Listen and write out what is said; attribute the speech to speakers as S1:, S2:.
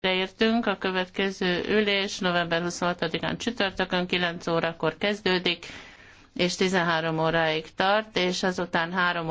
S1: Beértünk, a következő ülés november 26-án csütörtökön 9 órakor kezdődik, és 13 óráig tart, és azután 3 óra